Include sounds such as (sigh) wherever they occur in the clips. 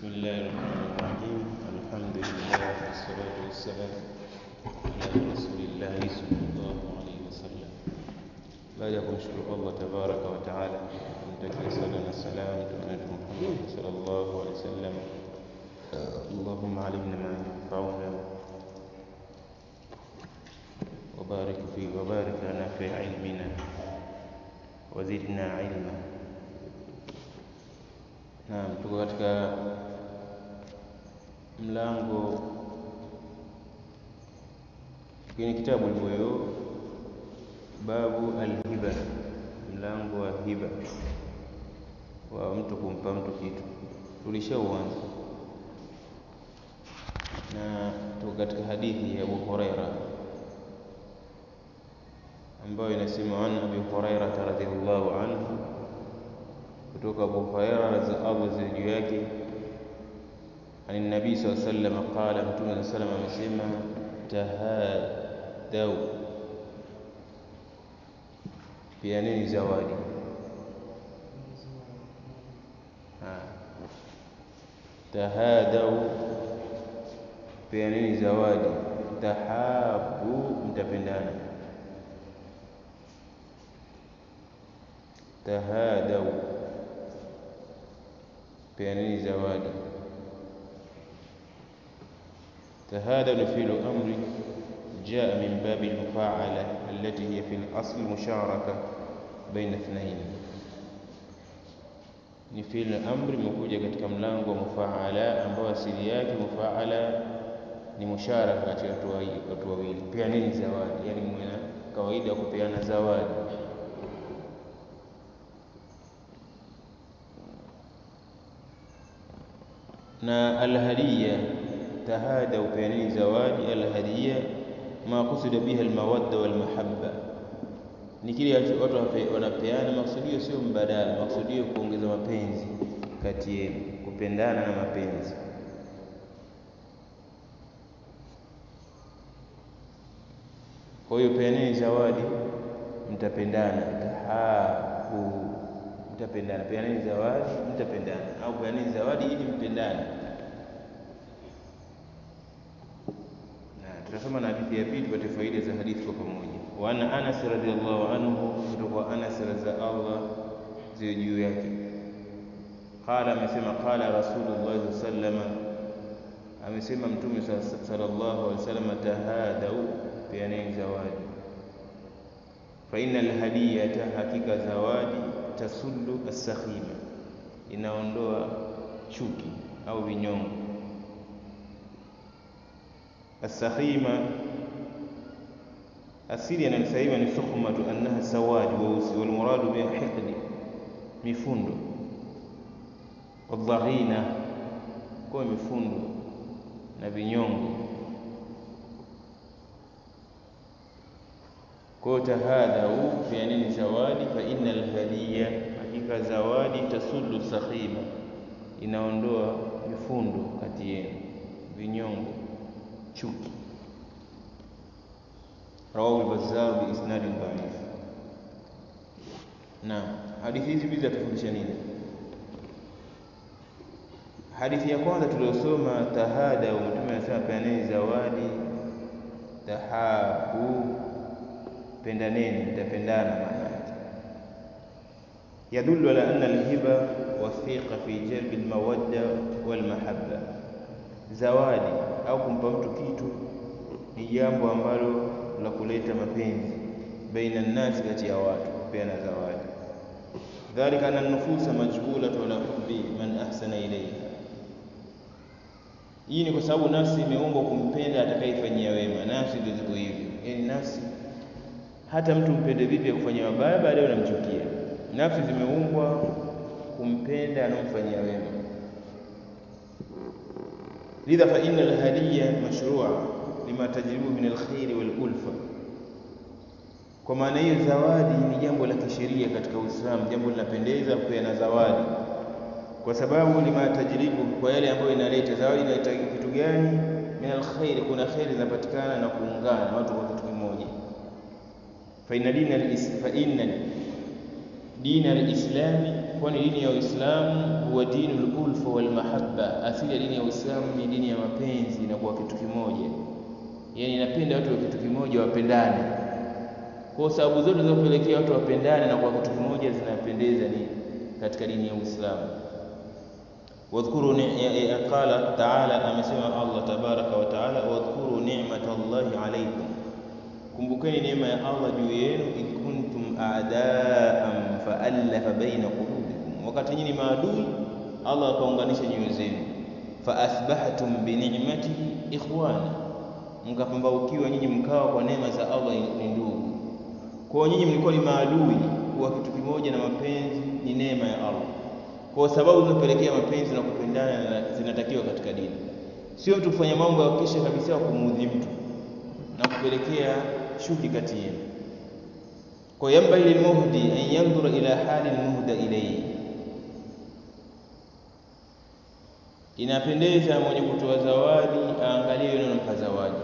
بسم الله الرحمن الرحيم الحمد لله والصلاة والسلام على رسول الله صلى الله عليه وسلم لا يكون الله تبارك وتعالى أن تكرسل لنا السلام ونجم محمد صلى الله عليه وسلم اللهم علمنا ما ينفعنا وبارك في وبارك لنا في علمنا وزدنا علما نعم تقول mlango kwenye kitabu hivyo, babu alhiba, mlango wa hiba wa mtu kumpa mtu kitu tulishauanza, na tuko katika hadithi ya Abu Huraira ambayo inasema, an Abi Hurairata radhiallahu anhu, kutoka Abu Huraira radhiallahu anhu juu yake عن النبي صلى الله عليه وسلم قال متونة سلم مسيما تهادو بيانيني زوالي تهادو بيانيني زوالي تحابو متفندانا تهادو بيانيني زوالي فهذا نفيل الأمر جاء من باب المفاعلة التي هي في الأصل مشاركة بين اثنين نفيل أمر مكوجة كم لانغ ومفاعلة أم هو سيرياك مفاعلة لمشاركة أتواويل يعني زواج يعني مهنا كويدة كبيانا زواج na الهدية tahadau, peaneni zawadi alhadia, makusuda biha almawadda walmahabba, ni kile watu wanapeana, maksudio sio mbadala, maksudio kuongeza mapenzi kati yenu, kupendana na mapenzi Kwa hiyo peaneni zawadi, mtapendana. Tahabu, mtapendana. Peaneni zawadi, mtapendana, au peaneni zawadi ili mpendane. tutasoma na hadithi ya pili tupate faida za hadithi kwa pamoja. Wana ana Anas radhiallahu anhu, kutoka kwa Anas za Allah ziwe juu yake, qala, amesema qala Rasulullah sallama, amesema Mtume sallallahu alaihi wasallam, tahadau peaneni zawadi, fa innal hadiyata, hakika zawadi tasullu as-sakhima, inaondoa chuki au vinyongo asakhima asili ya ni sukhmatu, annaha sawadi weusi, walmuradu biha hiqdi, mifundo, wadhaghina, kwa mifundo na vinyongo. Kwa tahadharu fi zawadi, fa lhadiya hakika zawadi tasulu sakhima, inaondoa mifundo kati yenu, vinyongo chuki rawahu al-Bazzar bi isnadin da'if. Naam, hadithi hizi mbili zatufundisha nini? Hadithi ya kwanza tuliyosoma, tahada, mtume anasema peaneni zawadi, tahabu, pendaneni, mtapendana. Maana yake yadullu ala anna al-hiba wathiqa fi jalbi al-mawadda wal-mahabba, zawadi au kumpa mtu kitu ni jambo ambalo la kuleta mapenzi baina nnasi, kati ya watu kupeana zawadi. Dhalika ana nufusa majbulatu ala hubbi man ahsana ilayha, hii ni kwa sababu nafsi imeumbwa kumpenda atakayefanyia wema. Nafsi ndio ziko hivyo, yaani nafsi hata mtu mpende vipi ya kufanya mabaya, baadaye unamchukia. Nafsi zimeumbwa kumpenda anamfanyia wema lidha fa inna alhadiya mashrua lima tajribu min alkhairi wal ulfa. Kwa maana hiyo zawadi ni jambo la kisheria katika Uislamu, jambo linapendeza kupeana zawadi kwa sababu lima tajribu, kwa yale ambayo inaleta zawadi. Inaleta kitu gani? Min alkhairi, kuna kheri zinapatikana na kuungana watu kwa kitu kimoja. Fa inna dina alislami, kwani dini ya Uislamu huwa dini ulfa wal mahabba, asili ya dini ya Uislamu ni dini ya mapenzi na kuwa kitu kimoja, yani napenda watu wa kitu kimoja wapendane. Kwa sababu zote zinazopelekea watu wapendane na kuwa kitu kimoja zinapendeza ni katika dini ya Uislamu. Wadhkuru qala taala, amesema Allah tabaraka wa taala, wadhkuru nimat Allahi alaykum, kumbukeni neema ya Allah juu yenu, idh kuntum a'daan fa'alafa baina qulubikum wakati nyinyi ni maadui, Allah akaunganisha nyoyo zenu. Fa athbahtum bi ni'matihi ikhwana, mkapambaukiwa nyinyi mkawa kwa neema za Allah ni ndugu. Kwa nyinyi mlikuwa ni maadui, kuwa kitu kimoja na mapenzi ni neema ya Allah. Kwa sababu zinapelekea mapenzi na kupendana zinatakiwa katika dini, sio mtu kufanya mambo ya kisha kabisa kumudhi mtu na kupelekea chuki kati yenu. Kwa yamba lilmuhdi an yandhura ila hali muhda ilayhi inapendeza mwenye kutoa zawadi aangalie yule zawadi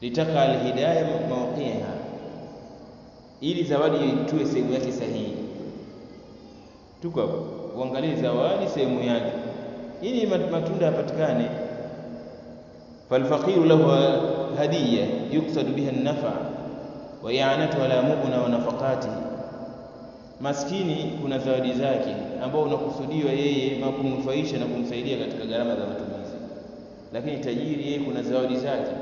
litaka alhidaya mawqiha, ili zawadi itue sehemu yake sahihi. Tuko uangalie zawadi sehemu yake, ili matunda yapatikane. falfaqiru lahu hadiya yuksadu biha nafa wa i'anatu ala mubna wa nafaqatihi maskini kuna zawadi zake ambao unakusudiwa yeye kumnufaisha na kumsaidia katika gharama za matumizi, lakini tajiri yeye kuna zawadi zake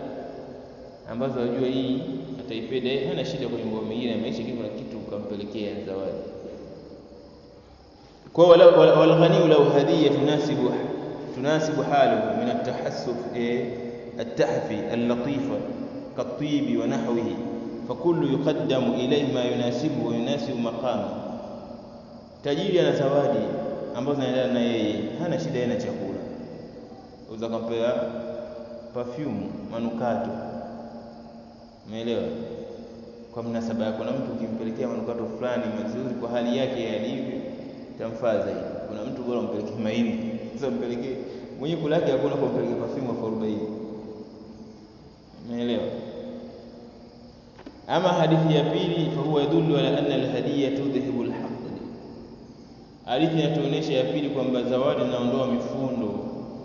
ambazo wajua hii ataipenda yeye, hana shida kwenye mambo mengine ya maisha, kuna kitu ukampelekea zawadi. Kwa walghaniu wala hadiya tunasibu tunasibu halahu min atahassuf eh, atahfi allatifa katibi wa nahwihi fakulu yuqaddamu ilayhi ma yunasibu wa yunasibu maqama Tajiri ana zawadi ambazo zinaendana na yeye, hana shida yeye na chakula. Uza kampea perfume manukato, umeelewa? Kwa mnasaba yako na mtu ukimpelekea manukato fulani mazuri kwa hali yake yalivyo, tamfaa zaidi. Kuna mtu bora umpelekee mahindi, sasa umpelekee mwenye kulaki, hakuna kwa kumpelekea perfume elfu arobaini, umeelewa? Ama hadithi ya pili, fahuwa yadullu ala anna alhadiya tudhhibu alhaq Hadithi inatuonyesha ya pili kwamba zawadi inaondoa mifundo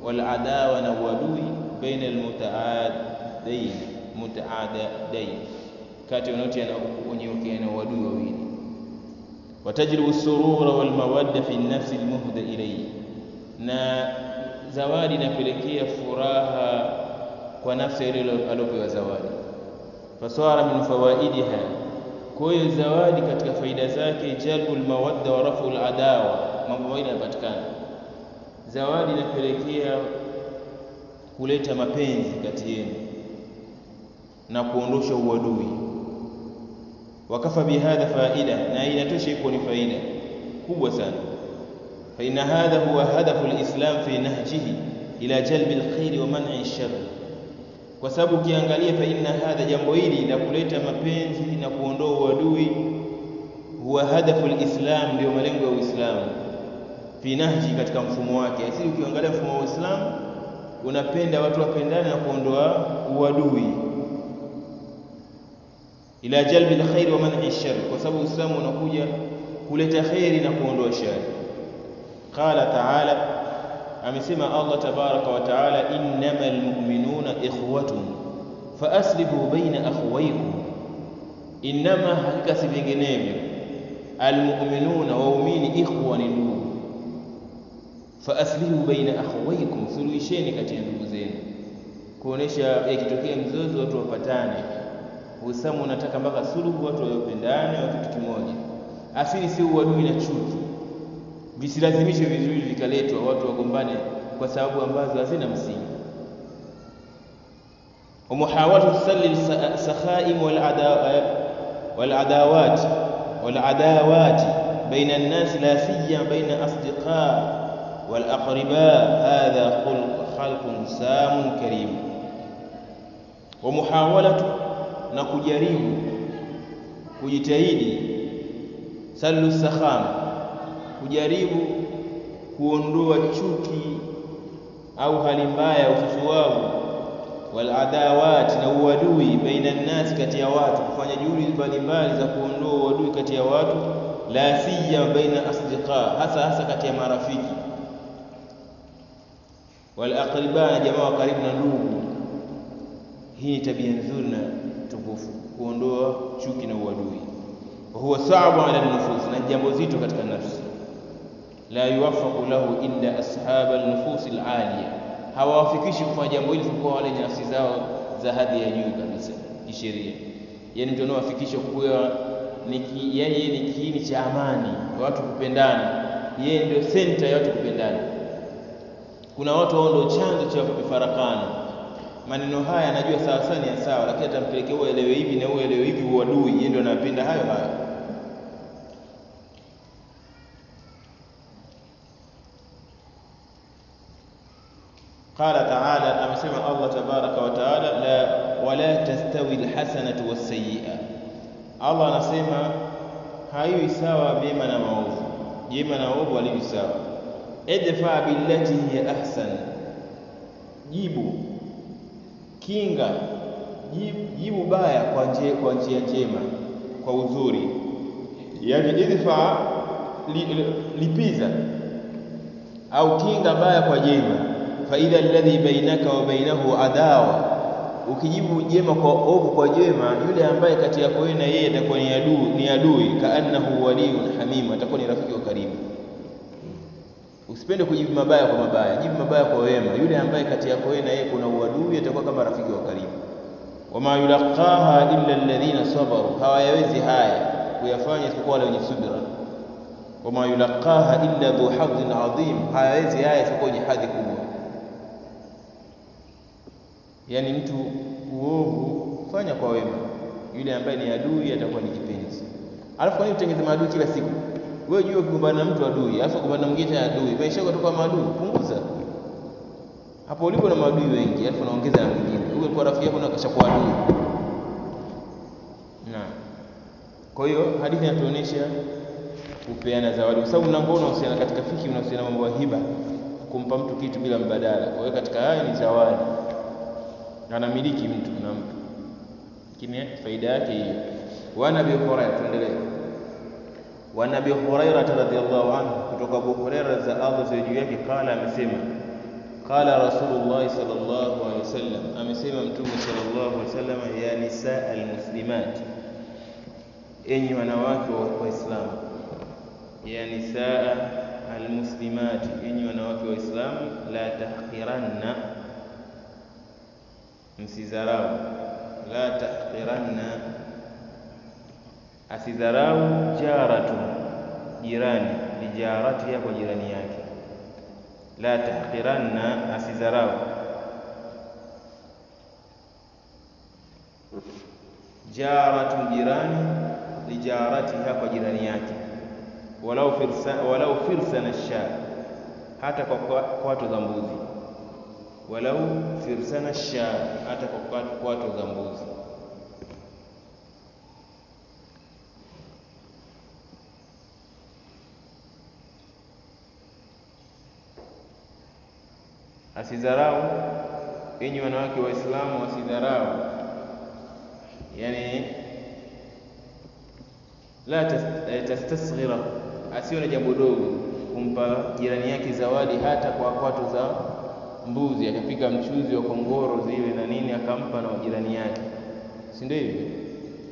wal adawa na uadui baina almutaadain mutaadain, kati wanaotia na wenye na uadui wawili. Watajribu surura wal mawadda fi nafsi lmuhda ilaihi na zawadi inapelekea furaha kwa nafsi ile aliopewa zawadi. Faswara min fawaidiha Kwa hiyo zawadi katika faida zake jalbul mawadda wa raful adawa, mambo mawili yanapatikana. Zawadi inapelekea kuleta mapenzi kati yenu na kuondosha uadui. Wakafa bihadha faida, na inatosha iko ni faida kubwa sana. fa Faina hadha huwa hadhafu lislam fi nahjihi ila jalbi lkhairi wa man'i sharri kwa sababu ukiangalia, fa inna hadha, jambo hili la kuleta mapenzi na kuondoa uadui, huwa hadafu lislam, ndio malengo ya Uislamu, fi nahji, katika mfumo wake. Lakini ukiangalia mfumo wa Uislamu unapenda watu wapendane na kuondoa uadui, ila jalbi lkhairi wa man'i shar, kwa sababu Uislamu unakuja kuleta kheri na kuondoa shari. Qala taala amesema Allah tabaraka wa taala, innamal mu'minuna ikhwatun faaslihu baina akhawaykum, innama, hakika si vinginevyo, almu'minuna, waumini, ikhwa ni ndugu, faaslihu baina akhawaykum, suluhisheni kati ya ndugu zenu, kuonesha yakitokea mzozo watu wapatane. Uislamu unataka mpaka suluhu, watu wayopendane, wa kitu kimoja. Asili si uadui na chuki visilazimishe vizuri vikaletwa watu wagombane kwa sababu ambazo hazina msingi ومحاولة تسلل السخائم والعداوات والعداوات بين الناس لا سيما بين أصدقاء والأقرباء هذا خلق خلق سام كريم ومحاولة نكجريب كجتهيد سل السخام kujaribu kuondoa chuki au hali mbaya ya wao waladawati na uadui baina nnasi, kati ya watu, kufanya juhudi mbalimbali za kuondoa uadui kati ya watu, la siyama baina asdiqa, hasa hasa kati ya marafiki walaqriba, na jamaa wa karibu na ndugu. Hii ni tabia nzuri na tukufu, kuondoa chuki na uadui. Wahuwa sabu ala nufus na jambo zito katika nafsi la yuwaffaqu lahu illa ashaba alnufusi lalia hawawafikishi kufanya jambo hili kwa wale nyasi zao za hadhi ya juu kabisa kisheria. Yani mtu anaowafikisha kuwa yaani yeye ni kiini cha amani watu kupendana, yeye ndio senta ya watu kupendana. Kuna watu wao ndio chanzo cha kufarakana. Maneno haya anajua sawa sawa ni sawa, lakini atampelekea uelewe hivi na uelewe hivi, uadui. Yeye ndio anapenda hayo hayo qala taala, amesema Allah tabaraka wa taala, la wala tastawi alhasanatu wassayi'a. Allah anasema haiwi sawa mema na maovu, jema na maovu haliwi sawa. Idfa billati hiya ahsan, jibu kinga, jibu baya kwa njia kwa njia njema, kwa uzuri, yani idfa li, lipiza au kinga baya kwa jema faidha alladhi bainaka wa bainahu adawa, ukijibu jema kwa ovu kwa jema, yule ambaye kati yako wewe na yeye atakuwa ni adui, ni adui kaannahu waliyun hamim, atakuwa ni rafiki wa karibu. Usipende kujibu mabaya kwa mabaya, jibu mabaya kwa wema. Yule ambaye kati yako wewe na yeye kuna uadui atakuwa kama rafiki wa karibu. Wama yulaqaha illa alladhina sabaru, hawayawezi haya kuyafanya isipokuwa wale wenye subira. Wama yulaqaha illa dhu hadhin adhim, hawayawezi haya isipokuwa wenye hadhi kubwa yaani mtu uovu fanya kwa wema, yule ambaye ni adui atakuwa ni kipenzi. Alafu kwa nini utengeze maadui kila siku? Wewe jua kugombana na mtu adui, alafu kugombana mwingine adui, maisha yako yatakuwa maadui. Punguza hapo ulipo na maadui wengi, alafu naongeza na mwingine. Wewe alikuwa rafiki yako na kashakuwa adui. Na kwa hiyo hadithi inatuonesha kupeana zawadi, kwa sababu mlango unahusiana katika fiki, unahusiana mambo ya hiba, kumpa mtu kitu bila mbadala. Kwa hiyo katika haya ni zawadi. na anamiliki mtu na mtu lakini faida yake hiyo wana bi hurairah tuendelee وعن ابي هريره رضي الله kutoka Abu Hurairah za Allah ziwe juu yake kala amesema qala rasulullah sallallahu alaihi wasallam amesema mtume sallallahu alaihi wasallam ya nisaa almuslimat enyi wanawake wa waislamu ya nisaa almuslimat enyi wanawake wa Uislamu la tahqiranna msidharau, la tahqiranna, asidharau jaratu jirani, lijaratiha, kwa jirani yake. La tahqiranna, asidharau jaratu jirani, lijaratiha, kwa jirani yake. Walau firsa, walau firsa na sha hata kwa kwato za mbuzi walau firsana shar, hata kwa kwato za mbuzi. Asidharau, enyi wanawake Waislamu, asidharau yani la e, tastasghira, na jambo dogo kumpa jirani yake zawadi hata kwa kwato za mbuzi, akapika mchuzi wa kongoro zile na nini, akampa na jirani yake, si ndio hivyo?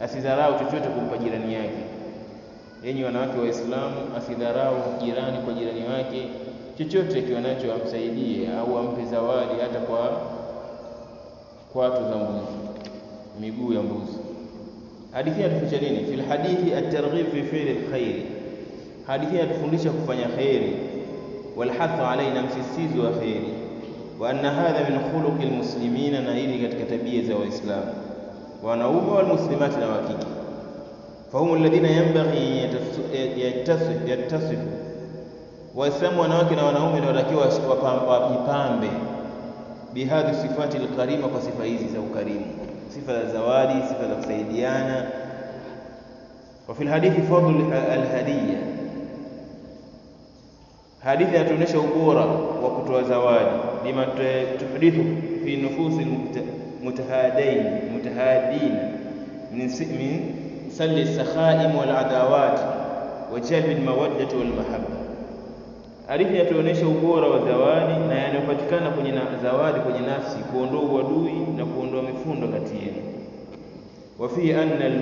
Asidharau chochote kumpa jirani yake. Enyi wanawake Waislamu, asidharau jirani kwa jirani wake, chochote akiwa nacho amsaidie, au ampe zawadi, hata kwa kwato za mbuzi, miguu ya mbuzi. Hadithi inatufundisha nini? Fil hadithi at-targhib fi fi'li al-khair, hadithi inatufundisha kufanya kheri, walhathu alai, na msisitizo wa khairi wa anna hadha min khuluqi almuslimina, na hili katika tabia za Waislamu wanaume walmuslimati, na wakike. Fahumu alladhina yanbaghi yattasifu, Waislamu wanawake na wanaume ndio watakiwa wajipambe bihadhi sifati alkarima, kwa sifa hizi za ukarimu, sifa za zawadi, sifa za kusaidiana. Wa fil hadithi fadlu alhadiya, hadithi inatuonyesha ubora wa kutoa zawadi لما تحدث في نفوس المتهادين متهادين من من سل السخائم والعداوات وجلب المودة والمحبة hadithi yatuonyesha ubora wa zawadi na yanayopatikana kwenye zawadi kwenye nafsi kuondoa uadui na kuondoa mifundo kati yenu وفي أن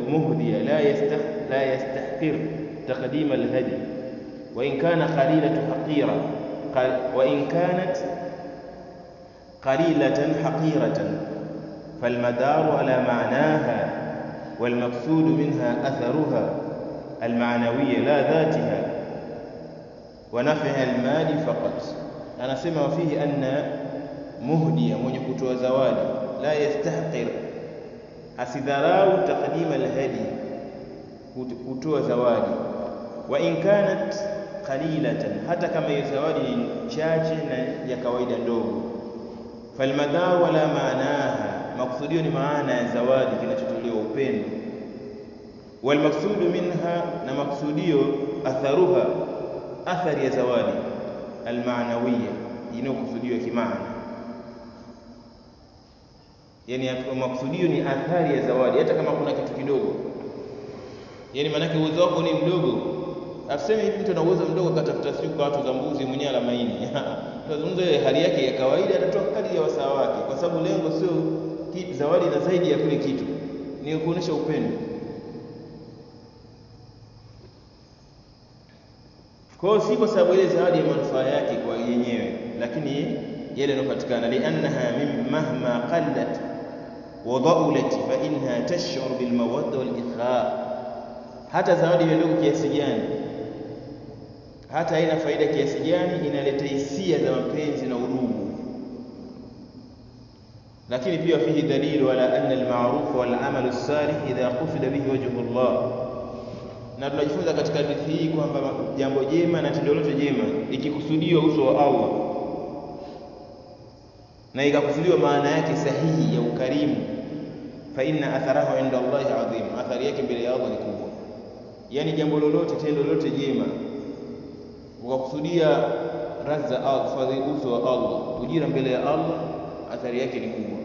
المهدي لا يستح لا يستحقر تقديم الهدي وإن كان خليلة حقيرة وإن كانت قليلة حقيرة فالمدار على معناها والمقصود منها أثرها المعنوية لا ذاتها ونفع المال فقط أنا سمع فيه أن مهدي من يكتوى زوالي لا يستحقر أسذراو تقديم الهدي كتوى زوالي وإن كانت qalilatan, hata kama hiyo zawadi ni chache na ya kawaida ndogo. falmadha wala maanaha, maksudio ni maana ya zawadi, kinachotolewa upendo. Walmaksudu minha, na maksudio atharuha, athari ya zawadi almaanawiya, inayokusudiwa kimaana Yani maksudio ni athari ya zawadi, hata kama kuna kitu kidogo. Yani maanake uwezo wako ni mdogo Asemi hivi, mtu ana uwezo mdogo akatafuta siku kwa watu za mbuzi, mwenye mwenyewe alamaini (laughs) tunazungumza ile hali yake ya kawaida, anatoa kadri ya wasaa wake, kwa sababu lengo sio zawadi na zaidi ya kile kitu, ni kuonesha upendo. Kwa hiyo si kwa sababu ile zawadi ya manufaa yake kwa yenyewe, lakini yale yanayopatikana, liannaha min mahma qallat wa daulat fa innaha tash'ur bil mawadda wal ikra, hata zawadi ndogo kiasi gani hata haina faida kiasi gani, inaleta hisia za mapenzi na udugu. Lakini pia fihi dalilu ala anna alma'ruf wal amalu salih idha qusida bihi wajhu Allah, na tunajifunza katika hadithi hii kwamba jambo jema na tendo lote jema ikikusudiwa uso wa Allah na ikakusudiwa maana yake sahihi ya ukarimu, fa inna atharahu inda Allahi adhim, athari yake mbele ya Allah ni kubwa. Yani jambo lolote, tendo lolote jema ukakusudia radhi za Allah, kufadhili uso wa Allah, ujira mbele ya Allah, athari yake ni kubwa.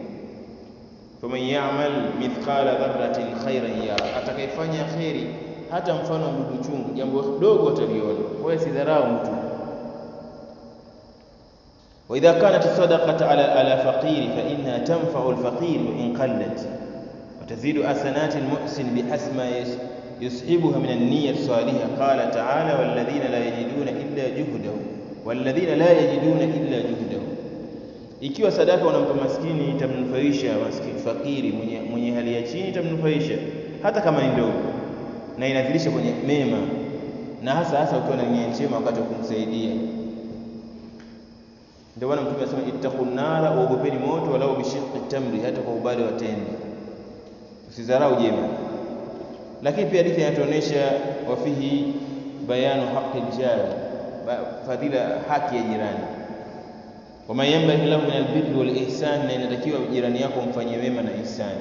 faman ya'mal mithqala dharratin khairan yara, atakayefanya khairi hata mfano wa mdudu chungu, jambo dogo ataliona. Kwa hiyo sidharau mtu. wa idha kanat sadaqatu ala, ala faqiri fa inna tanfa'u al-faqir in qallat wa tazidu hasanati al-muhsin bihasbi يصحبها من النية saliha qala تعالى والذين لا يجدون إلا جهدهم walladhina la yajiduna illa juhdahu. Ikiwa sadaka unampa maskini itamnufaisha maskini fakiri, mwenye, mwenye hali ya chini itamnufaisha hata kama ni ndogo, na inadhirisha kwenye mema, na hasa hasa ukiwa na nia njema wakati wa kumsaidia. Ndio maana Mtume anasema ittaqun nara, uogopeni moto, walau bishiqqi tamri, hata kwa ubale wa tende, usidharau jema. lakini pia hadithi inatuonesha wafihi bayanu haqi ljari, fadhila haki ya jirani. Waman yambaghi lahu min albirri wal ihsani, na inatakiwa jirani yako mfanye wema na ihsani.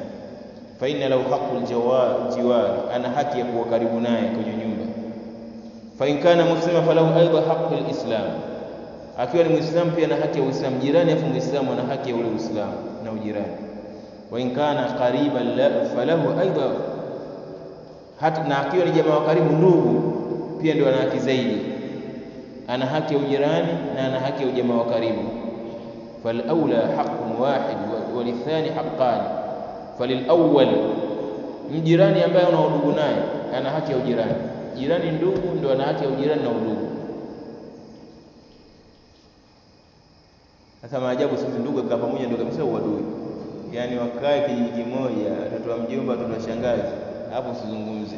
Fa inna lahu haqu ljiwari, ana haki ya kuwa karibu naye kwenye nyumba. Fa in kana muslima falahu aidha haqu lislam, akiwa ni mwislamu pia na haki ya uislamu jirani, afu mwislamu ana haki ya ule uislamu na ujirani. Wa in kana qariban falahu aidan hata na akiwa ni jamaa wa karibu, ndugu, pia ndio ana haki zaidi. Ana haki ya ujirani na ana haki ya ujamaa wa karibu. fal aula haqqun wahid wa walithani haqqan, awwal, mjirani ambaye una udugu naye ana haki ya ujirani. Jirani ndugu ndio ana haki ya ujirani na udugu. Sasa maajabu sisi ndugu kwa pamoja ndio kabisa uadui, yaani wakae kijiji kimoja, watoto wa mjomba, watoto wa shangazi hapo usizungumze,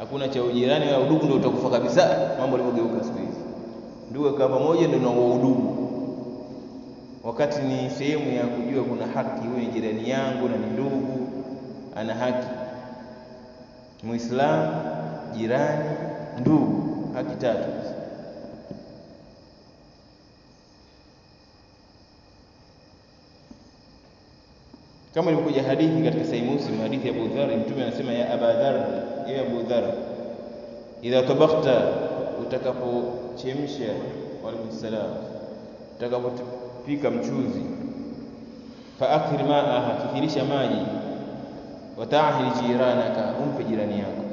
hakuna cha ujirani wa udugu, ndio utakufa kabisa. Mambo yalivyogeuka siku hizi, ndugu akawa pamoja ndio na udugu, wakati ni sehemu ya kujua kuna haki. Huyu ni jirani yangu na ni ndugu, ana haki. Muislamu, jirani, ndugu, haki tatu. kama ilivyokuja hadithi katika Sahih Muslim, hadithi ya Abu Dharr, mtume anasema ya Abu Dharr, ya Abu Dharr, idha tabakta, utakapochemsha, waalaikum salam, utakapopika mchuzi, fa akthir maaha, kithirisha maji, watahil jiranaka, umpe jirani yako